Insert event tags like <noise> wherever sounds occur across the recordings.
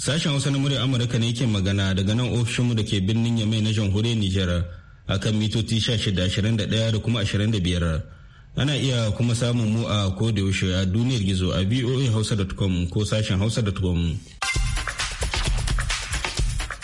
Sashen Hausa na murya Amurka ne yake magana daga nan ofishinmu da ke birnin Yamai na jamhuriyar Nijar a kan mitoci 1621 da kuma 25. Ana iya kuma samun mu a kodayaushe a duniyar gizo a voahausa.com ko sashen hausa.com.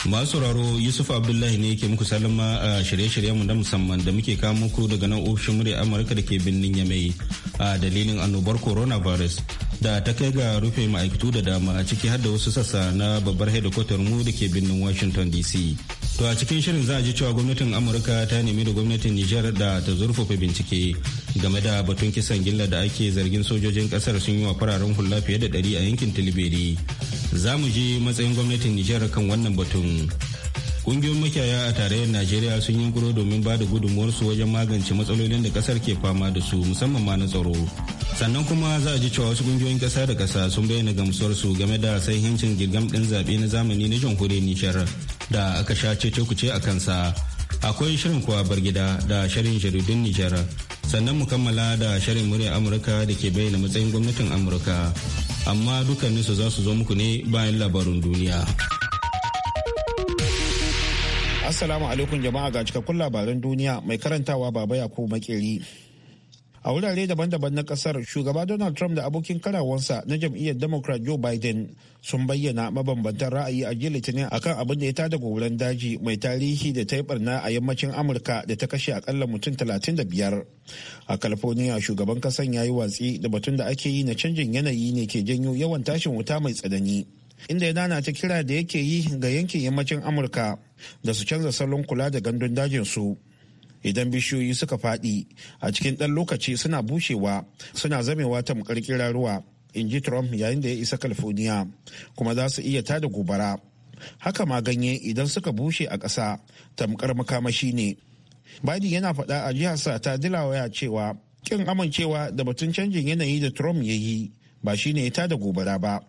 masu sauraro yusuf abdullahi ne ke muku salama a shirye-shiryenmu na musamman da muke kawo muku daga nan ofishin murya amurka da ke birnin yamai a dalilin annobar coronavirus da ta kai ga rufe ma'aikatu da dama a ciki har da wasu sassa na babbar hedikwatar mu da ke birnin washington dc To a cikin shirin za a ji cewa gwamnatin Amurka ta nemi da gwamnatin Nijar da ta zurfafa bincike game da batun kisan gilla da ake zargin sojojin kasar sun yi wa fararen hula fiye da ɗari a yankin Tilberi. Za mu je matsayin gwamnatin Nijar kan wannan batun. Kungiyoyin makiyaya a tarayyar Najeriya sun yi kuro domin ba da gudunmuwarsu wajen magance matsalolin da kasar ke fama da su musamman ma na tsaro. sannan kuma za a ji cewa wasu kungiyoyin kasa da kasa sun bayyana gamsuwarsu game da sahihancin girgam din zaɓe na zamani na jamhuriyar nijar da aka sha cece kuce a kansa akwai shirin kuwa bar gida da shirin jaridun nijar sannan mu kammala da shirin murya amurka da ke bayyana matsayin gwamnatin amurka amma dukkaninsu za su zo muku ne bayan labarun duniya assalamu alaikum jama'a ga cikakkun labaran duniya mai karantawa baba yakubu makeri a wurare daban-daban na kasar shugaba donald trump da abokin karawansa na jam'iyyar democrat joe biden sun bayyana mabambantan ra'ayi a jiya litinin akan abin da ya tada goran daji mai tarihi da ta yi barna a yammacin amurka da ta kashe akalla mutum 35 a california shugaban kasan ya yi watsi da batun da ake yi na canjin yanayi ne ke janyo yawan tashin wuta mai tsanani inda ya dana ta kira da yake yi ga yankin yammacin amurka da su canza salon kula da gandun dajin su idan bishiyoyi suka faɗi a cikin ɗan lokaci suna bushewa suna zamewa tamkar ruwa in ji trump yayin da ya isa california kuma za su iya tada gobara haka ma ganye idan suka bushe a ƙasa tamkar makamashi ne biden yana faɗa a jiharsa ta dilawaya cewa kin amincewa da batun canjin yanayi da trump ya yi ba shine ya tada gobara ba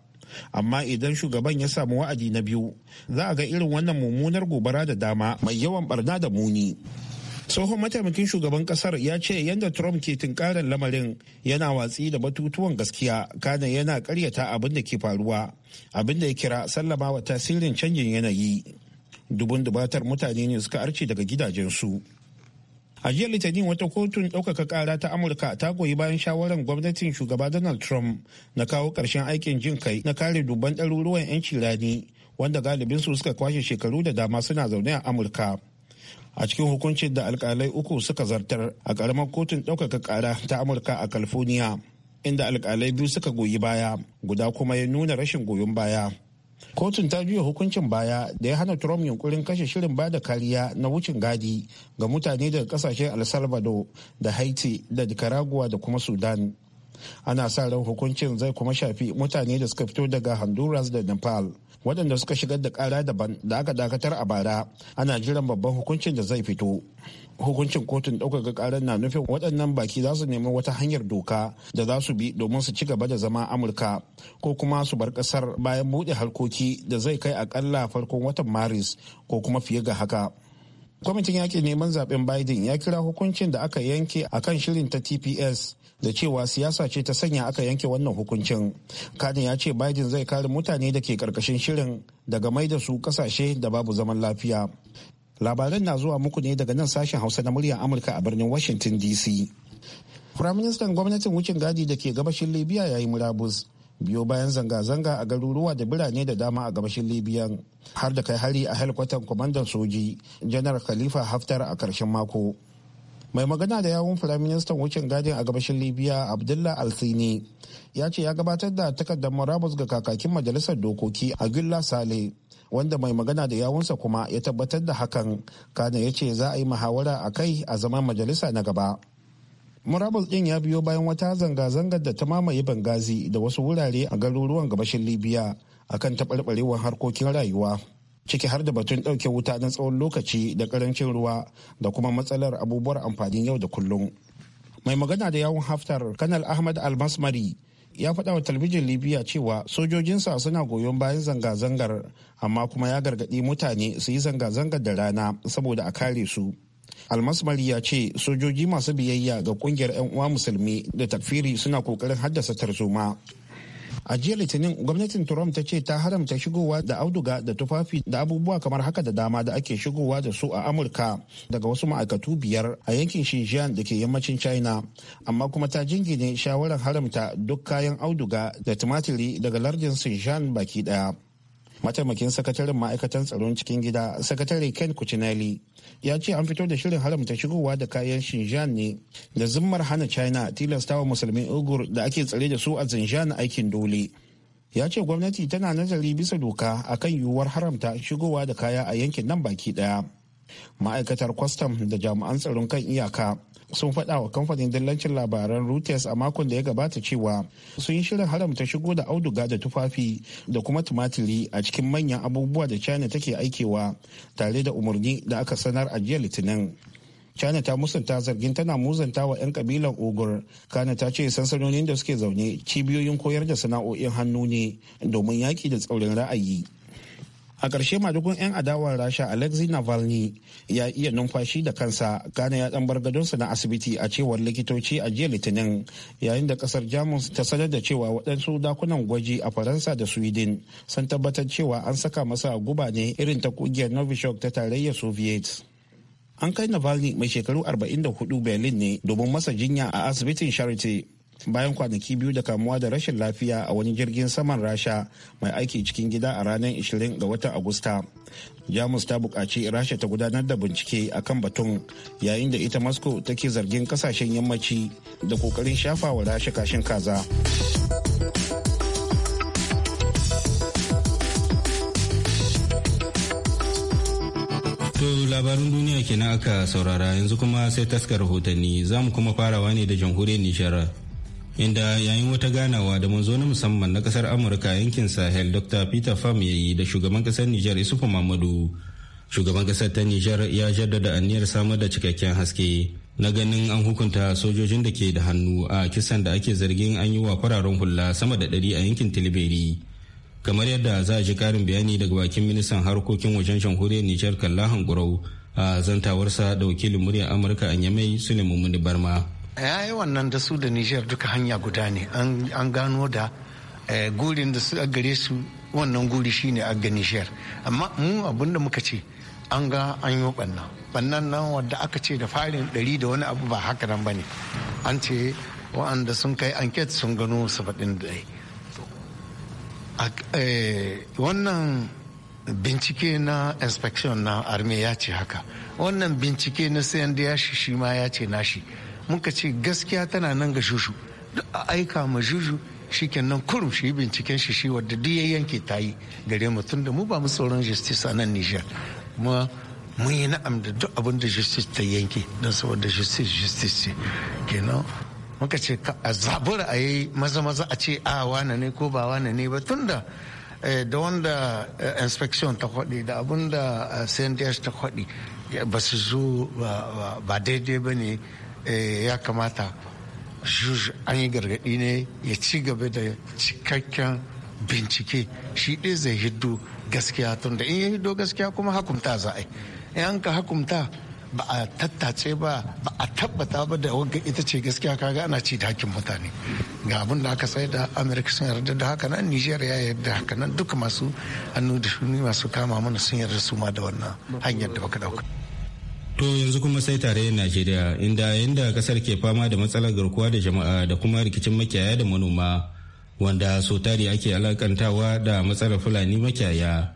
amma idan shugaban ya samu wa'adi na biyu za a ga irin wannan mummunar gobara da dama mai yawan barna da muni tsohon mataimakin shugaban kasar ya ce yadda trump ke tunkarar lamarin yana watsi da batutuwan gaskiya kana yana karyata abin da ke faruwa abin da ya kira sallama wa tasirin canjin yanayi dubun dubatar mutane ne suka arce daga gidajensu a jiya litinin wata kotun ɗaukaka kara ta amurka ta goyi bayan shawarar gwamnatin shugaba donald trump na kawo ƙarshen aikin jin kai na kare dubban ɗaruruwan 'yanci rani wanda galibinsu suka kwashe shekaru da dama suna zaune a amurka a cikin hukuncin da alkalai uku suka zartar a karamar kotun ɗaukaka ƙara ta amurka a california inda alkalai biyu suka goyi baya guda kuma ya nuna rashin goyon baya kotun ta juya hukuncin baya da ya hana trump yunkurin kashe shirin ba da kariya na wucin gadi ga mutane daga kasashen el salvador da haiti da nicaragua da kuma sudan ana sa ran hukuncin zai kuma shafi mutane da suka fito daga honduras da nepal waɗanda suka shigar da ƙara daban da aka dakatar a bara ana jiran babban hukuncin da zai fito hukuncin kotun ɗaukaka ƙarar na nufin waɗannan baki za su nemi wata hanyar doka da za su bi domin su ci gaba da zama amurka ko kuma su bar ƙasar bayan buɗe harkoki da zai kai aƙalla farkon watan maris ko kuma fiye ga haka kwamitin yakin neman zaben biden ya kira hukuncin da aka yanke a kan shirin ta tps da cewa siyasa ce ta sanya aka yanke wannan hukuncin kanin ya ce biden zai kare mutane da ke karkashin shirin daga mai da su kasashe da babu zaman lafiya labaran na zuwa muku ne daga nan sashen hausa na muryar amurka a birnin washington dc firaministan gwamnatin wucin gadi da ke gabashin libya ya yi murabus biyo bayan zanga-zanga a garuruwa da birane da dama a gabashin libyan har da kai hari a helkwatan kwamandan soji janar khalifa haftar a karshen mako mai magana da yawun firaministan wucin gadin a gabashin libya abdullah alsini ya ce ya gabatar da takardar murabus ga kakakin majalisar dokoki a gilla sale wanda mai magana da yawunsa kuma ya tabbatar da hakan kana ya ce za a yi muhawara a kai a zaman majalisa na gaba Murabul din ya biyo bayan wata zanga-zangar da ta mamaye bangazi da wasu wurare a garuruwan gabashin libya akan taɓarɓarewar harkokin rayuwa ciki har da batun ɗauke wuta na tsawon lokaci da ƙarancin ruwa da kuma matsalar abubuwar amfanin yau da kullum mai magana da yawun haftar kanal ahmad almasmari ya faɗa wa talbijin libya cewa sojojinsa suna goyon bayan zanga-zangar amma kuma ya gargaɗi mutane su yi zanga-zangar da rana saboda a kare su almasmari ya ce sojoji masu biyayya ga kungiyar 'yan uwa musulmi da takfiri suna kokarin haddasa tarzoma a jiya litinin gwamnatin trump ta ce ta haramta shigowa da auduga da tufafi da abubuwa kamar haka da dama da ake shigowa da su a amurka daga wasu ma'aikatu biyar a yankin xinjiang da ke yammacin china amma kuma ta jingine shawarar haramta duk kayan auduga da tumatiri daga lardin xinjiang baki daya mataimakin sakataren ma'aikatan tsaron cikin gida sakatare ken kucinelli ya ce an fito da shirin haramta shigowa da kayan shinjan ne da zimmar hana china tilastawa musulmin ugur da ake tsare da su a zinjan aikin dole ya ce gwamnati tana nazari bisa doka akan yiwuwar haramta shigowa da kaya a yankin nan baki daya ma'aikatar kwastam da jami'an tsaron kan iyaka sun faɗa wa kamfanin dillancin labaran reuters a makon da ya gabata cewa sun yi shirin haramta shigo da auduga da tufafi da kuma tumatiri a cikin manyan abubuwa da china take aikewa tare da umarni da aka sanar a jiya litinin china ta musanta zargin tana muzanta wa 'yan kabilan ogur kana ta ce sansanonin da suke zaune cibiyoyin koyar da sana'o'in hannu ne domin yaki da tsaurin ra'ayi a ƙarshe madugun 'yan adawar rasha alexei navalny ya iya numfashi da kansa gane ya dan bar gadonsa na asibiti a cewar likitoci a jiya litinin yayin da ƙasar jamus ta sanar da cewa waɗansu dakunan gwaji a faransa da sweden sun tabbatar cewa an saka masa guba ne irin ta kungiyar novichok ta tarayyar soviet an kai navalny mai shekaru 44 berlin ne domin masa jinya a asibitin charity bayan kwanaki biyu da kamuwa da rashin lafiya a wani jirgin saman rasha mai aiki cikin gida a ranar 20 ga watan agusta jamus ta buƙaci rasha ta gudanar da bincike a kan batun yayin da ita moscow take zargin kasashen yammaci da kokarin shafa wa rasha kashin kaza To labarin duniya kenan aka saurara yanzu kuma sai taskar rahotanni za mu kuma farawa ne da jamhuriyar Nishar inda yayin wata ganawa da manzo na musamman na kasar amurka yankin sahel dr peter pham ya yi da shugaban kasar niger isufu mamadu shugaban kasar ta niger ya jaddada aniyar samar da cikakken haske na ganin an hukunta sojojin da ke da hannu a kisan da ake zargin an yi wa fararen hula sama da ɗari a yankin tilibiri kamar yadda za a ji karin bayani daga bakin ministan harkokin wajen jamhuriyar niger kallahan gurau a zantawarsa da wakilin muryar amurka a yamai suleiman barma ya yi wannan da su da nijar duka hanya guda ne an gano da eh, gurin da su a gare su wannan guri shine a ga nijar amma mu abin da muka ce an ga an yi banna bannan nan wadda aka ce da farin ɗari da wani abu ba haka nan ba ne an ce wa'anda sun kai anket sun gano faɗin da eh, wannan bincike na inspection na arme ya ce haka wannan bincike na sayan cndh shi ma ya ce nashi muka ce gaskiya tana nan ga shushu a aika ma shushu kenan kurum shi binciken shi shi wadda duk ya yanke tayi yi gare mu tunda mu ba mu tsoron justice a nan Nijar kuma mun yi na'am da duk abin da justice ta yanke don saboda justice justice ce kenan muka ce a zabura a yi maza maza a ce a ah, wane ne ko ba wane ne ba tunda eh, da wanda eh, inspection ta kwaɗi da abin da cndh eh, ta kwaɗi ba su zo ba daidai ba ne Eh, ya kamata juj an yi gargaɗi ne ya ci gaba da cikakken bincike shi ɗai zai hiddo gaskiya tun da in ya hiddo gaskiya kuma hakumta za a yi in ka hakumta ba a tattace ba ba a tabbata ba da wanka ita ce gaskiya ka ga ana ci da hakin mutane ga abin da aka sai da amerika sun yarda da haka nan niger ya yarda haka nan duka masu hannu da shuni masu kama mana sun yarda su ma da wannan hanyar da baka dauka To yanzu kuma sai tarayyar Najeriya inda inda kasar ke fama da matsalar garkuwa da jama'a da kuma rikicin makiyaya da manoma wanda so tari ake alakantawa da matsalar Fulani makiyaya.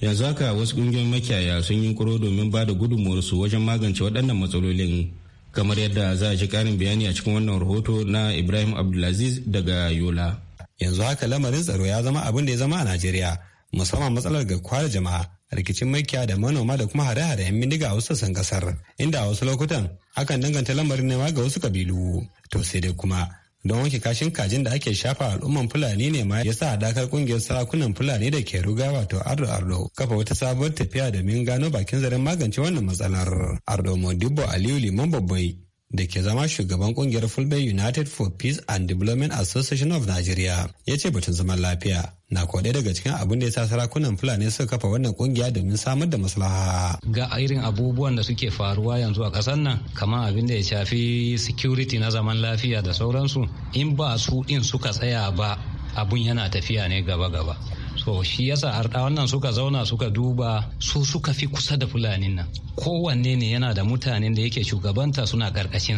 Yanzu haka wasu kungiyoyin makiyaya sun yi kuro domin ba da su wajen magance waɗannan matsalolin. Kamar yadda za a ji karin bayani a cikin wannan rahoto na Ibrahim Abdulaziz daga Yola. Yanzu haka lamarin tsaro ya zama abin da ya zama a Najeriya musamman matsalar garkuwa da jama'a rikicin makiya da manoma da kuma hare-hare 'yan bindiga a wasu sassan kasar inda a wasu lokutan akan danganta lamarin nema ga wasu kabilu to sai dai kuma don wanke kashin kajin da ake shafa al'umman fulani ne ma ya sa hadakar kungiyar sarakunan fulani da ke ruga wato ardo ardo kafa wata sabuwar tafiya domin gano bakin zaren magance wannan matsalar ardo modibo aliyu liman babbai da ke zama shugaban kungiyar Fulbe United for Peace and Development Association of Nigeria ya ce batun zaman lafiya na kwaɗe daga cikin abin da ya sa sarakunan Fulani suka kafa wannan kungiya domin samar da maslaha. Ga irin abubuwan da suke faruwa yanzu a ƙasar nan kamar abin da ya shafi security na zaman lafiya da sauransu in ba su ɗin suka tsaya ba abun yana tafiya ne gaba-gaba. so shi yasa arɗa wannan suka zauna suka duba su suka fi kusa da fulanin nan kowanne ne yana da mutanen da yake shugabanta suna shi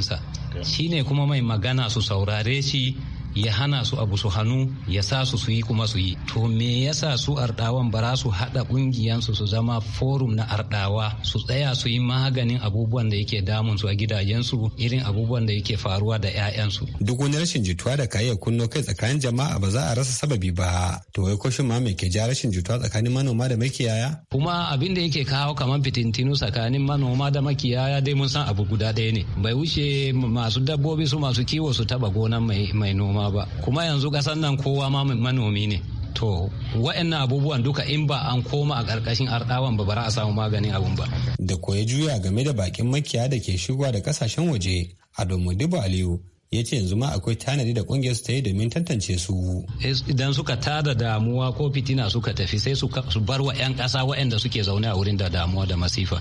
shine kuma mai magana su saurare shi ya hana su abu su hannu ya sa su suyi kuma su yi to me yasa su ardawan bara su haɗa kungiyansu su zama forum na arɗawa su tsaya su yi maganin abubuwan da yake damun su a gidajensu irin abubuwan da yake faruwa da 'ya'yansu duk wani rashin jituwa da kayan kunno kai tsakanin jama'a ba za a rasa sababi ba to wai koshin ma me ke ja rashin jituwa tsakanin manoma da makiyaya kuma abin da yake kawo kamar fitintinu tsakanin manoma da makiyaya dai mun san abu guda ɗaya ne bai wuce masu dabbobi su masu kiwo su taba gonan mai noma noma ba kuma yanzu kasan nan kowa ma manomi ne to wa'annan abubuwan duka in ba an koma a ƙarƙashin arɗawan ba bara a samu maganin abun ba. Da koya juya game da bakin makiya da ke shigowa da kasashen waje a Modibo Aliyu ya ce yanzu ma akwai tanadi da kungiyar su ta yi domin tantance su. Idan suka tada damuwa ko fitina suka tafi sai su bar wa 'yan ƙasa waɗanda suke zaune a wurin da damuwa da masifa.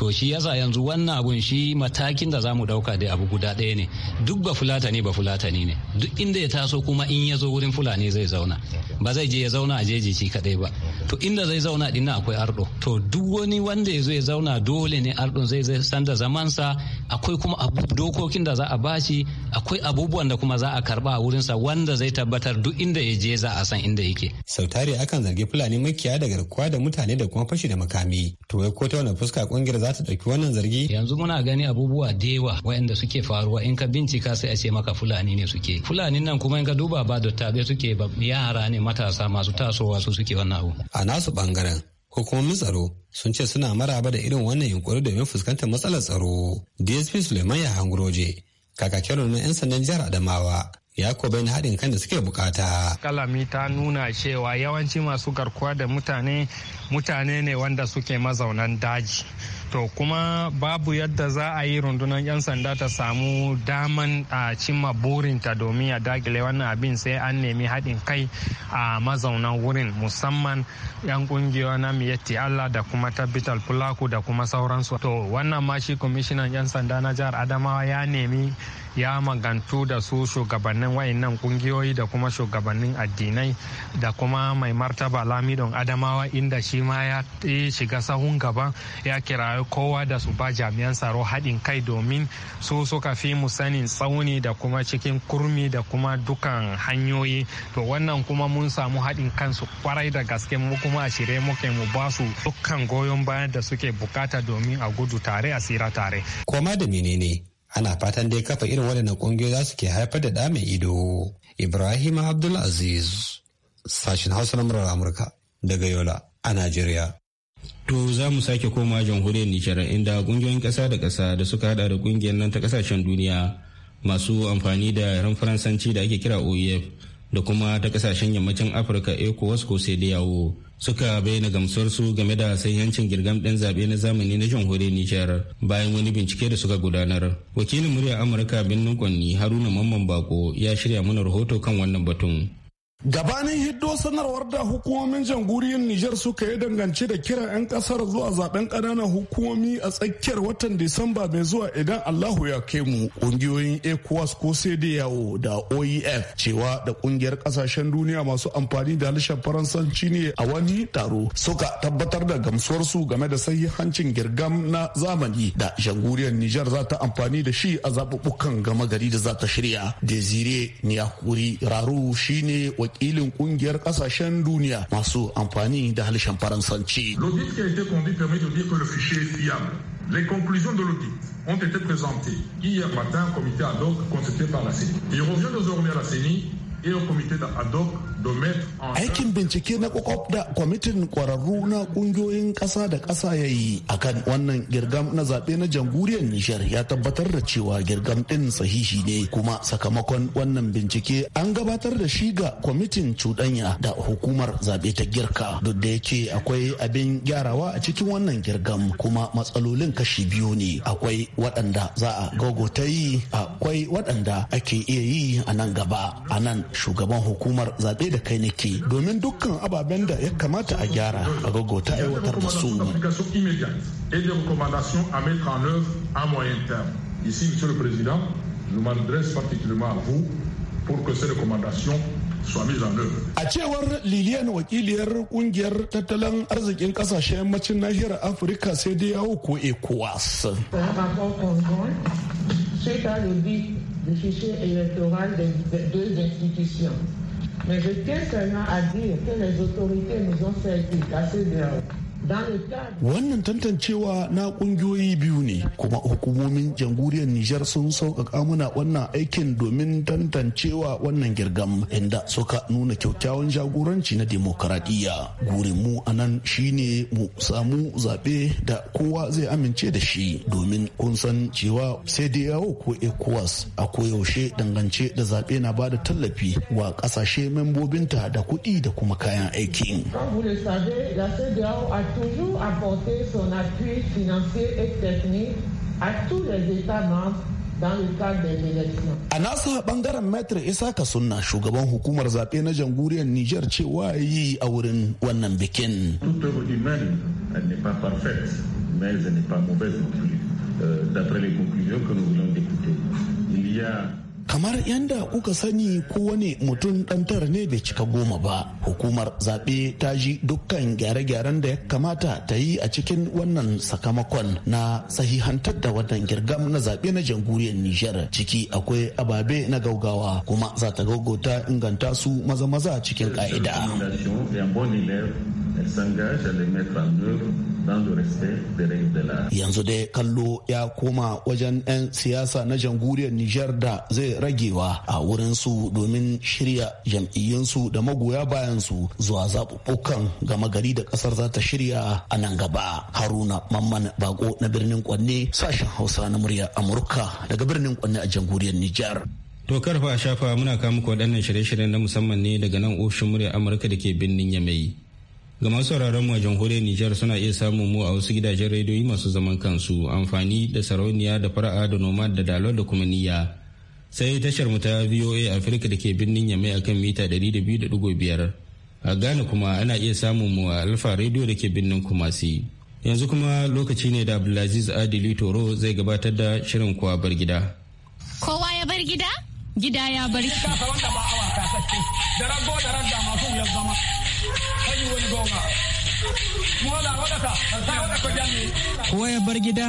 to shi yasa yanzu wannan abun shi matakin da za mu dauka dai abu guda ɗaya ne duk ba ne ba fulata ne duk inda ya taso kuma in ya zo wurin fulani zai zauna ba zai je ya zauna a jeji shi kadai ba to inda zai zauna din akwai ardo to duk wani wanda ya zo ya zauna dole ne ardon zai zai san da zamansa akwai kuma dokokin da za a bashi akwai abubuwan da kuma za a karba a wurinsa wanda zai tabbatar duk inda ya je za a san inda yake sautari akan zargi fulani makiya daga garkuwa da mutane da kuma fashi da makami to ko ta wani fuska kungiyar za za ta ɗauki wannan zargi. Yanzu muna gani abubuwa da yawa waɗanda suke faruwa in ka bincika sai a ce maka Fulani ne suke. Fulani nan kuma in ka duba ba da tabe suke ba yara ne matasa masu tasowa su suke wannan abu. A nasu ɓangaren hukumomin tsaro sun ce suna maraba da irin wannan yunkuri domin fuskantar matsalar tsaro. DSP Suleiman Yahangroje kakakin na 'yan sandan jihar Adamawa ya ko bayan haɗin kan da suke bukata. Kalami ta nuna cewa yawanci masu garkuwa da mutane mutane ne wanda suke mazaunan daji. To kuma babu yadda za a yi rundunar 'yan sanda ta samu daman a cimma burinta domin ya dagile wannan abin sai an nemi haɗin kai a mazaunan wurin musamman 'yan ƙungiyoyi na miyatti Allah da kuma tabbital fulaku da kuma sauransu. To wannan ma shi kwamishinan 'yan sanda na jihar Adamawa ya nemi ya magantu da su shugabannin wayannan kungiyoyi da kuma shugabannin addinai da kuma mai martaba lamidon adamawa inda shi ma ya shiga sahun gaba ya kirayi kowa da su ba jami'an tsaro haɗin kai domin su suka fi mu sanin tsauni da kuma cikin kurmi da kuma dukan hanyoyi to wannan kuma mun samu haɗin kansu kwarai da gaske mu kuma a shirye muke mu ba su dukkan goyon bayan da suke bukata domin a gudu tare a tsira tare. Koma da menene ana fatan dai kafa irin waɗannan ƙungiyoyi za su ke haifar da ɗa mai ido ibrahim abdulaziz sashen hausa na murar amurka daga yola a najeriya To za mu sake koma jamhuriyar Nijar inda ƙungiyoyin ƙasa da ƙasa da suka haɗa da ƙungiyar nan ta ƙasashen duniya masu amfani da yaren faransanci da ake kira OEF da kuma ta ƙasashen yammacin Afirka ECOWAS ko sai da yawo suka bayyana su game da yancin girgam ɗin zaɓe na zamani na jamhuriyar Nijar bayan wani bincike da suka gudanar. Wakilin muryar Amurka Binnin Kwanni Haruna Mamman Bako ya shirya mana rahoto kan wannan batun. Gabanin hiddo sanarwar da hukumomin jamhuriyar Nijar suka yi dangance da kiran 'yan kasar zuwa zaben ƙananan hukumomi a tsakiyar watan Disamba mai zuwa idan Allahu ya kai mu ƙungiyoyin ECOWAS ko yawo da OEF cewa da ƙungiyar ƙasashen duniya masu amfani da harshen Faransanci ne a wani taro suka tabbatar da gamsuwarsu game da sahihancin girgam na zamani da jamhuriyar Nijar za ta amfani da shi a zaɓuɓɓukan gama gari da za ta shirya. Desire Niyakuri Raru shine L'audit qui a été conduit permet de dire que le fichier est fiable. Les conclusions de l'audit ont été présentées hier matin au comité ad hoc constitué par la CENI. Il revient désormais à la CENI et au comité ad hoc Aikin bincike na kwakwaf da kwamitin kwararru na kungiyoyin ƙasa da ƙasa ya yi akan wannan girgam na zaɓe na jamhuriyar Nijar ya tabbatar da cewa girgam ɗin sahihi ne kuma sakamakon wannan bincike an gabatar da shi ga kwamitin cuɗanya da hukumar zaɓe ta girka duk da yake akwai abin gyarawa a cikin wannan girgam kuma matsalolin kashi biyu ne akwai waɗanda za a gogota yi akwai waɗanda ake iya yi a nan gaba a nan shugaban hukumar zaɓe da kai nake domin dukkan ababen da ya kamata a gyara a gaggauta aiwatar da su. Ici, Monsieur le Président, je m'adresse particulièrement à vous pour que ces recommandations soient mises en A cewar Lilian wakiliyar kungiyar tattalin arzikin Kasashe yammacin nahiyar Afirka sai dai yawo ko ECOWAS. C'est à l'objet but du fichier électoral des deux institutions. Mais je tiens seulement à dire que les autorités nous ont fait casser dehors. Wannan tantancewa na kungiyoyi biyu ne kuma hukumomin jamhuriyar Nijar sun sauƙaƙa muna wannan aikin domin tantancewa wannan girgam inda suka nuna kyakkyawan jagoranci na demokaradiyya. Gurinmu a nan shine mu samu zaɓe da kowa zai amince da shi domin kun san cewa sai da yawo ko ECOWAS a koyaushe dangance da zaɓe na ba da tallafi wa ƙasashe membobinta da kuɗi da kuma kayan aikin. toujours apporté son appui financier et technique à tous les États membres A nasa bangaren Maitre Isaka Sunna shugaban hukumar zaɓe na jamhuriyar Nijar cewa yi a wurin wannan bikin. Euh, d'après les conclusions que il y a kamar yadda kuka sani kowane mutum dan tara ne bai cika goma ba hukumar zaɓe ta ji dukkan gyare-gyaren da ya kamata ta yi a cikin wannan sakamakon na sahihantar da wannan girgam na zaɓe na jamhuriyar nijar ciki akwai ababe na gaugawa kuma za ta gaugauta inganta su maza-maza cikin ƙa'ida. Elle s'engage à les mettre en œuvre dans le respect des règles de l'art. Yanzu dai kallo ya koma wajen 'yan siyasa na jamhuriyar Nijar da zai ragewa a wurin su domin shirya jam'iyyunsu da magoya bayan su zuwa zaɓuɓɓukan gama gari da ƙasar za ta shirya a nan gaba. Haruna Mamman Bako na birnin Kwanne sashen Hausa na murya Amurka daga birnin Kwanne a jamhuriyar Nijar. To karfa a shafa muna kawo muku waɗannan shirye-shiryen na musamman ne daga nan ofishin murya Amurka da ke birnin Yamai. Ga masu sauraron mu a jamhuriyar Nijar suna iya samun mu a wasu gidajen rediyoyi masu zaman kansu amfani da sarauniya da fara'a da noma da dalar da kuma niyya. Sai tashar mu ta VOA afirka da ke birnin Yamai akan mita ɗari biyar. A Ghana kuma ana iya samun mu a Alfa Radio da ke birnin Kumasi. Yanzu kuma lokaci ne da Abdulaziz Adili Toro zai gabatar da shirin kowa bar gida. Kowa ya bar gida? Gida ya bar. gida. da rago da masu wuyar zama. Kowa ya bar gida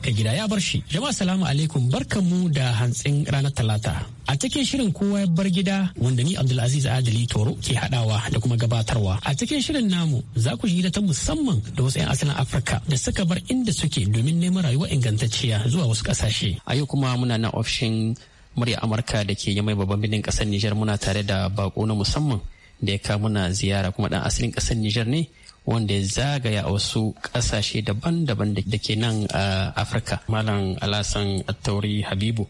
ka gida ya bar shi. Jama'a salamu alaikum barkamu da hantsin ranar talata. A cikin shirin kowa ya bar gida wanda ni Abdulaziz Adali Toro ke hadawa da kuma gabatarwa. A cikin shirin namu za ku shiga ta musamman da wasu 'yan asalin Afirka da suka bar inda suke domin neman rayuwa ingantacciya zuwa wasu kasashe. A yau kuma muna nan ofishin murya Amurka da ke yamai babban birnin ƙasar Nijar muna tare da bako na musamman da ya kawo muna ziyara kuma dan asalin kasar Nijar ne wanda ya zagaya a wasu kasashe daban-daban da ke nan a Afirka. Malam Alasan Attauri Habibu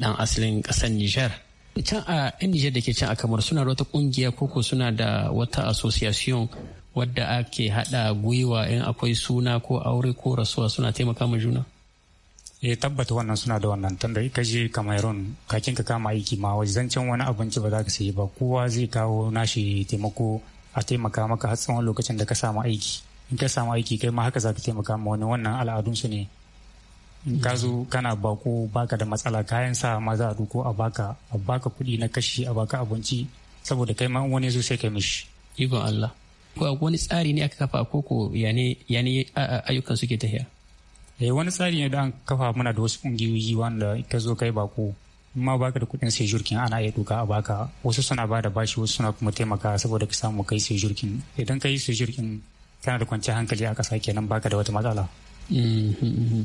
dan asalin kasar Nijar. Can a 'yan Nijar da ke can a kamar suna da wata kungiya koko suna da wata association wadda ake hada gwiwa in akwai suna ko aure ko rasuwa suna taimaka ma juna? ya eh, tabbata wannan suna da wannan tunda ka je cameroon kakin ka kama aiki ma zancen wani abinci ba za ka sayi ba kowa zai kawo nashi taimako a taimaka maka har tsawon lokacin da ka samu aiki in ka samu aiki kai ma haka za ka taimaka ma wani wannan al'adun su ne in ka zo kana bako baka da matsala kayan sa ma za a duko a baka a baka kuɗi na kashi a baka abinci saboda kai ma wani zo sai kai mishi ikon Allah ko wani tsari ne aka kafa a koko yane ayyukan suke tafiya eh wani tsari ne da an kafa muna da wasu kungiyoyi wanda ka zo kai bako ma baka da kuɗin sai jurkin ana iya doka a baka wasu suna bada da bashi wasu suna kuma taimaka saboda ka samu kai sai jurkin idan ka yi sai jurkin kana da kwanciyar hankali a ƙasa kenan baka da wata matsala mm-hmm.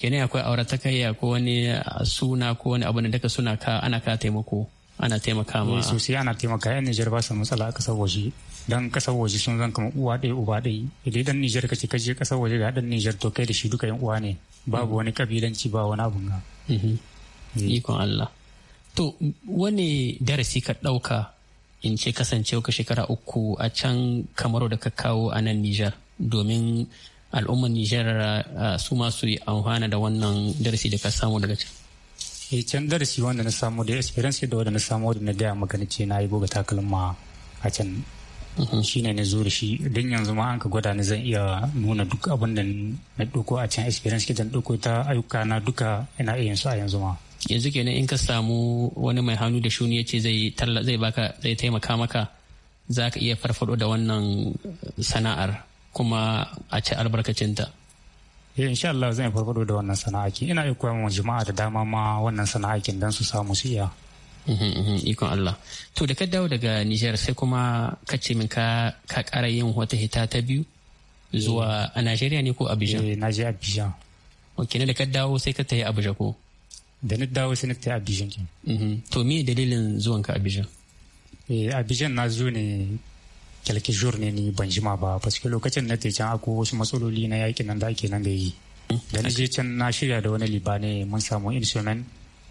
kene akwai aurataka ko wani uh, suna ko wani abu da daga suna ka ana ka taimako ana taimaka ma eh, sosai ana taimaka yan Nijar ba su matsala a ƙasar waje dan kasar waje sun zan kama uwa ɗaya uba ɗaya idan dan Nijar kace ka je kasar waje ga dan Nijar to kai da shi duka yan uwa ne babu wani kabilanci ba wani abun ga mhm. eh. ikon Allah to wani darasi ka ɗauka in ce kasancewa ka shekara uku a can kamaru da ka kawo a nan Nijar domin al'ummar Nijar su masu yi amfana da wannan darasi da ka samu daga can. E can darasi wanda na samu da experience da wanda na samu wanda na gaya magana ce na yi buga takalma a can Mhm. ne na zo da shi don yanzu ma an ka gwada ni zan iya nuna duk abin da na ɗauko a can experience kitan ɗauko ta ayyuka na duka ina iya yanzu a yanzu ma yanzu kenan in ka samu wani mai hannu da shuni ya ce zai zai baka zai taimaka maka za ka iya farfado da wannan sana'ar kuma a ci albarkacinta eh, in sha Allah zan farfado da wannan sana'aki ina iya koya wa jama'a da dama ma wannan sana'akin dan su samu su iya Uhm, uhm, uhm, ikon Allah to da ka dawo daga Nijar sai kuma ka ce min ka ƙara yin wata hita ta biyu zuwa a Najeriya ne ko Abidjan eh Najeriya Abijan. Abidjan ok da ka dawo sai ka tafi Abuja ko da na dawo sai na tafi Abidjan to me dalilin zuwan ka Abidjan eh Abidjan na zo ne kyalki jur ne ni ban jima ba paske lokacin na can ako wasu matsaloli na yaƙi nan da ake nan da yi da na je can na shirya da wani libane mun samu instrument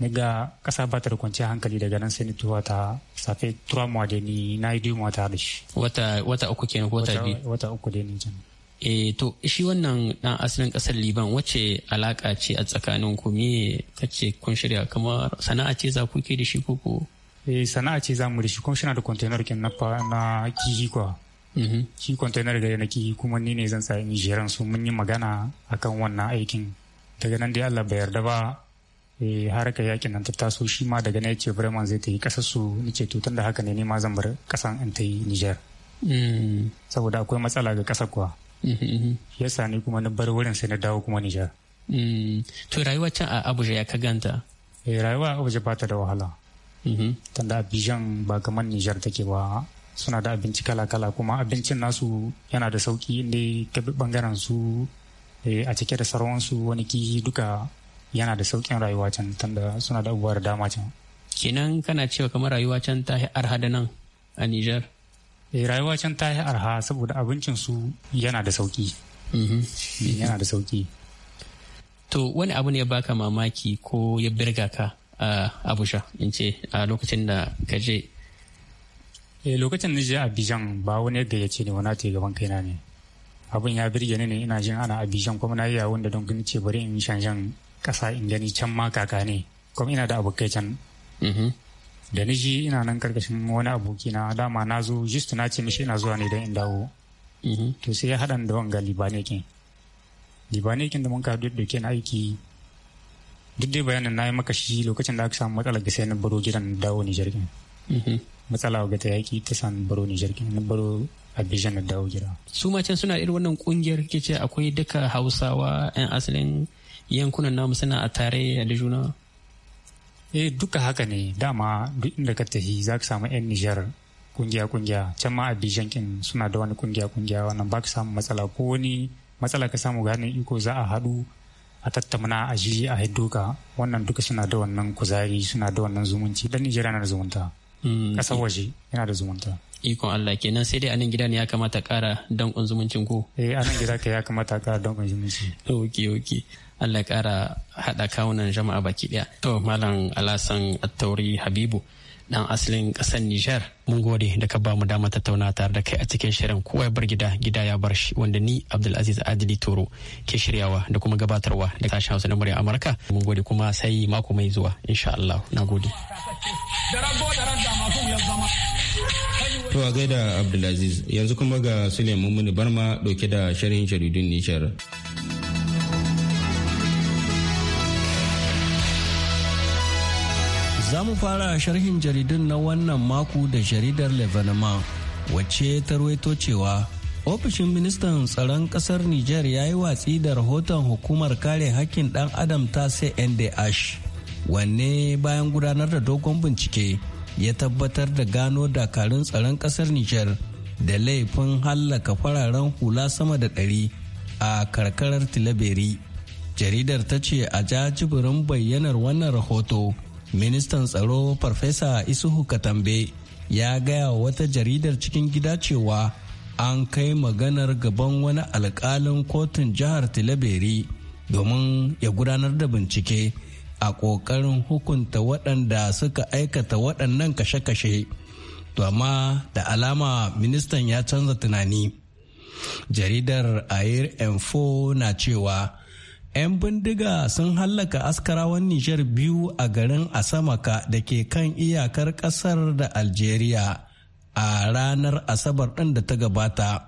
ga kasa ba ta da hankali daga nan sai ni tuwa ta safe tuwa mu da ni na yi duma ta da shi wata wata uku kenan ko wata bi wata uku da ni can eh to shi wannan dan asalin kasar Liban wace alaka ce a tsakanin ku me kace kun shirya kamar sana'a ce za ku ke da shi ko ko eh sana'a ce za mu da shi kuma shina da container kin na na kihi kwa mm-hmm. shi container ga na kihi kuma ni ne zan sa in jiran su mun yi magana akan wannan aikin daga nan dai Allah bai yarda ba Eh, harkar yakin nan ta taso shi ma daga na yace Bremen zai ta yi ƙasar su nake to tun da haka ne ma zan bar kasan in ta yi Niger mm. saboda akwai matsala ga ƙasar kuwa mm-hmm. sa ni kuma na bar wurin sai na dawo kuma Niger mm. to rayuwa can a Abuja ya ka ganta eh, rayuwa a Abuja ba ta da wahala mm-hmm. Tanda Abidjan ba kamar Niger take ba suna da abinci kala-kala kuma abincin nasu yana da sauki inda ka bangaren su eh, a cike da sarwansu wani kihi duka yana da sauƙin rayuwa can tunda suna da abubuwa da dama can Kinan kana cewa kamar rayuwa can ta arha da nan a Nijar? Eh, rayuwa can ta yi arha saboda abincin su yana da sauƙi mm-hmm. eh, yana da sauƙi. to wani abu ne ya baka mamaki ko ya birga ka a abusha in ce a lokacin da ka je eh, lokacin da je abijan ba wani yadda ya ce ne wani ce gaban kaina ne abin ya birge ni ne ina jin ana abijan kuma na yi yawon da don gani ce bari in shan ƙasa in gani can ma kaka ne kuma ina da abokai can mm-hmm. da ni ji ina nan karkashin wani aboki na dama na zo just na ce mishi ina zuwa ne don in dawo mm-hmm. to sai ya haɗa da wanga libanekin libanekin da mun ka duk da aiki duk dai bayanin na yi maka shi lokacin da aka samu matsalar ga sai na baro gidan dawo ni jirgin mm-hmm. matsala ga ta yaki ta san baro ni jirgin na baro abijan na dawo gida su ma can suna irin wannan kungiyar ke ce akwai duka hausawa yan asalin yankunan namu suna a tare da juna eh duka haka ne dama duk inda ka tafi za ka samu 'yan nijar kungiya-kungiya can ma a suna da wani kungiya-kungiya wannan ba ka samu matsala ko wani matsala ka samu ganin iko za a haɗu a tattamana a ji a haiduka wannan duka suna da wannan kuzari suna da wannan zumunci dan nijar yana da zumunta mm, ƙasar waje yana da zumunta ikon Allah kenan sai dai anan gida ne ya kamata ƙara danƙon zumuncin ko eh anan gida ka ya kamata ƙara danƙon zumunci <laughs> ok ok Allah ya kara haɗa kawunan jama'a baki ɗaya. To Malam Alasan Attauri Habibu dan asalin ƙasar Nijar. Mun gode da ka ba mu dama tattauna tare da kai a cikin shirin kowa bar gida gida ya bar shi wanda ni Abdulaziz Adili Toro ke shiryawa da kuma gabatarwa da sashen Hausa na murya Amurka. Mun gode kuma sai mako mai zuwa insha Allah. Na gode. To a gaida Abdulaziz yanzu kuma ga Suleiman Muni Barma dauke da sharhin jaridun Nijar. Za mu fara sharhin jaridun na wannan mako da jaridar Lebanon wacce ta ruwaito cewa ofishin ministan tsaron ƙasar Nijar ya yi watsi da rahoton hukumar kare hakkin ɗan adam ta CNDH wanne bayan gudanar da dogon bincike ya tabbatar da gano dakarun tsaron ƙasar Nijar da laifin hallaka fararen hula sama da ɗari a karkarar Tilaberi. Jaridar ta ce a jajibirin bayyanar wannan rahoto. ministan tsaro farfesa isuhu katambe ya gaya wata jaridar cikin gida cewa an kai maganar gaban wani alkalin kotun jihar tilaberi domin ya gudanar da bincike a ƙoƙarin hukunta waɗanda suka aikata waɗannan kashe-kashe to amma da alama ministan ya canza tunani jaridar air info na cewa 'yan bindiga sun hallaka askarawan Nijar biyu a garin Asamaka da ke kan iyakar ƙasar da Algeria a ranar Asabar ɗin da ta gabata.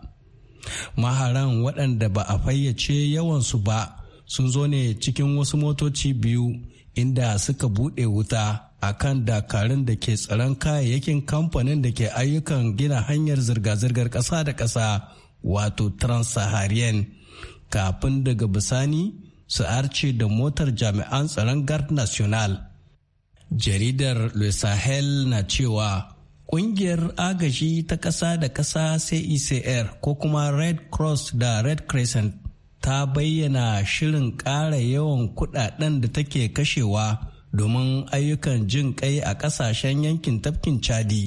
Maharan waɗanda ba a fayyace yawansu ba sun zo ne cikin wasu motoci biyu inda suka buɗe wuta a kan dakarun da ke tsaron kayayyakin kamfanin da ke ayyukan gina hanyar zirga-zirgar ƙasa da ƙasa wato trans kafin daga bisani su arce da motar jami'an tsaron guard national jaridar le sahel na cewa kungiyar agaji ta kasa da kasa cecr ko kuma red cross da red crescent ta bayyana shirin ƙara yawan kudaden da take kashewa domin ayyukan jin kai a ƙasashen yankin tafkin chadi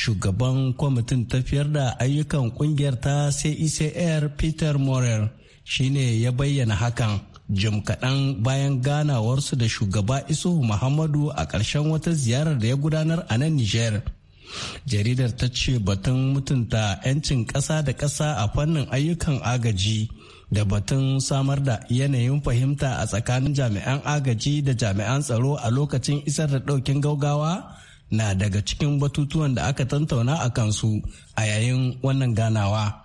shugaban kwamitin tafiyar da ayyukan kungiyar ta cecr peter morel shine ya bayyana hakan jim kaɗan bayan ganawarsu da shugaba isuhu muhammadu a ƙarshen wata ziyarar da ya gudanar a nan niger jaridar ta ce batun mutunta 'yancin ƙasa da ƙasa a fannin ayyukan agaji da batun samar da yanayin fahimta a tsakanin jami'an agaji da jami'an tsaro a lokacin isar da ɗaukin gaugawa na daga cikin batutuwan da aka tantauna a kansu a yayin wannan ganawa.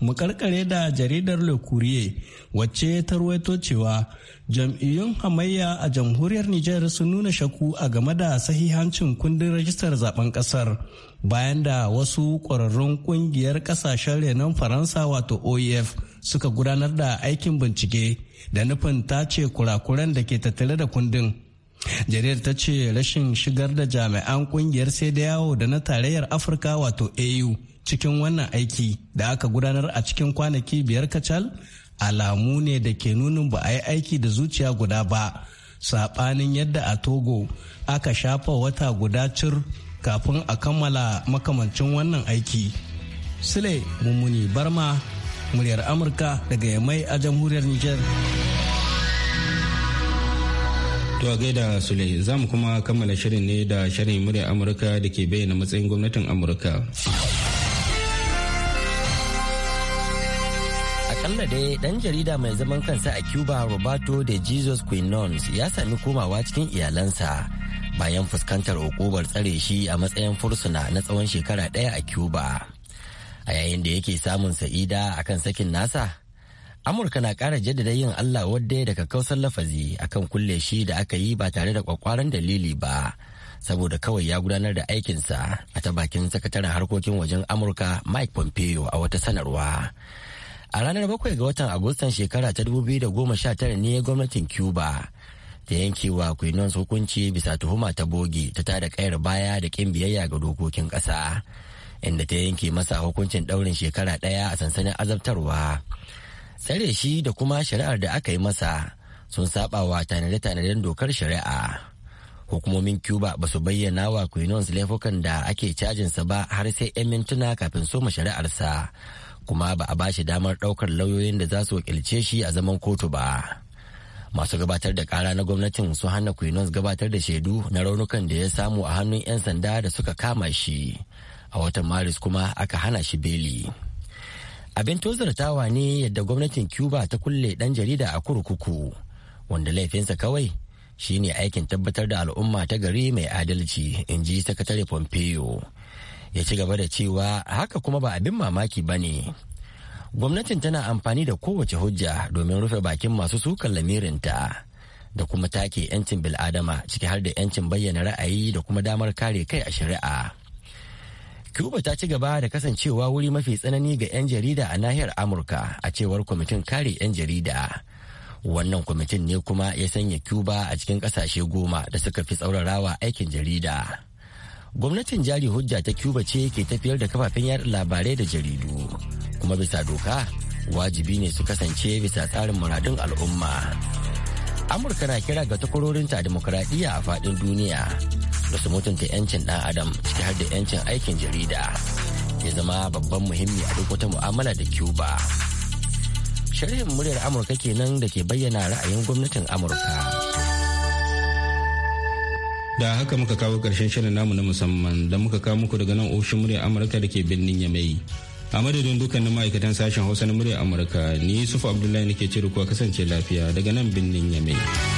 mu karkare da jaridar le courrier wacce ta ruwaito cewa jam'iyyun hamayya a jamhuriyar nijar sun nuna shaku a game da sahihancin kundin rajistar zaben kasar bayan da wasu ƙwararrun ƙungiyar ƙasashen renon faransa wato oef suka gudanar da aikin bincike da nufin tace kurakuran da ke tattare da kundin jaridar ta ce rashin shigar da jami'an kungiyar sai da yawo da na tarayyar afirka wato au cikin wannan aiki da aka gudanar a cikin kwanaki biyar kacal alamu ne da ke nunin ba a yi aiki da zuciya guda ba saɓanin yadda a togo aka shafa wata guda cir kafin a kammala makamancin wannan aiki sule mummuni barma muryar amurka daga yamai a jamhuriyar niger To a gaida Sule za mu kuma kammala shirin ne da shirin muryar Amurka da ke bayyana matsayin gwamnatin Amurka. akalla dai dan jarida mai zaman kansa a cuba roberto de jesus quinones ya sami komawa cikin iyalansa bayan fuskantar hukumar tsare shi a matsayin fursuna na tsawon shekara ɗaya a cuba a yayin da yake samun sa'ida a kan sakin nasa amurka na ƙara jaddada yin allah wadda daga kausar lafazi a kan kulle shi da aka yi ba tare da kwakwaran dalili ba saboda kawai ya gudanar da aikinsa a ta bakin sakataren harkokin wajen amurka mike pompeo a wata sanarwa a ranar bakwai ga watan agustan shekara ta 2019 ne gwamnatin cuba ta yanke wa quinons hukunci bisa tuhuma ta bogi ta tada kayar baya da kin biyayya ga dokokin ƙasa inda ta yanke masa hukuncin ɗaurin shekara ɗaya a sansanin azabtarwa tsare shi da kuma shari'ar da aka yi masa sun saba wa tanade-tanaden dokar shari'a hukumomin cuba ba su bayyana wa quinons laifukan da ake cajinsa ba har sai 'yan mintuna kafin soma shari'arsa kuma ba a bashi damar ɗaukar lauyoyin da za su wakilce shi a zaman kotu ba masu gabatar da kara na gwamnatin su hana quinones gabatar da shaidu na raunukan da ya samu a hannun 'yan sanda da suka kama shi a watan maris kuma aka hana shi beli abin tozartawa ne yadda gwamnatin cuba ta kulle dan jarida a kurkuku wanda laifinsa kawai shine aikin tabbatar da al'umma ta gari mai adalci in ji sakatare pompeo ya ci gaba da cewa haka kuma ba abin mamaki ba ne gwamnatin tana amfani da kowace hujja domin rufe bakin masu sukan lamirinta da kuma take 'yancin bil'adama ciki har da 'yancin bayyana ra'ayi da kuma damar kare kai a shari'a cuba ta ci gaba da kasancewa wuri mafi tsanani ga 'yan jarida a nahiyar amurka a cewar kwamitin kare 'yan jarida wannan kwamitin ne kuma ya sanya cuba a cikin kasashe goma da suka fi tsaurarawa aikin jarida. gwamnatin jari hujja ta cuba ce ke tafiyar da kafafen yada labarai da jaridu kuma bisa doka wajibi ne su kasance bisa tsarin muradun al'umma amurka na kira ga takwarorinta demokuraɗiyya a faɗin duniya da su mutunta 'yancin ɗan adam ciki har da 'yancin aikin jarida ya zama babban muhimmi a duk wata mu'amala da cuba sharhin muryar amurka kenan da ke bayyana ra'ayin gwamnatin amurka. da haka muka kawo karshen shirin namu na musamman da muka kawo muku daga nan ofishin murya amurka da ke birnin yamai a madadin dukkanin ma'aikatan sashen hausa na murya amurka ni yusuf abdullahi nake cire kuwa kasance lafiya daga nan birnin yamai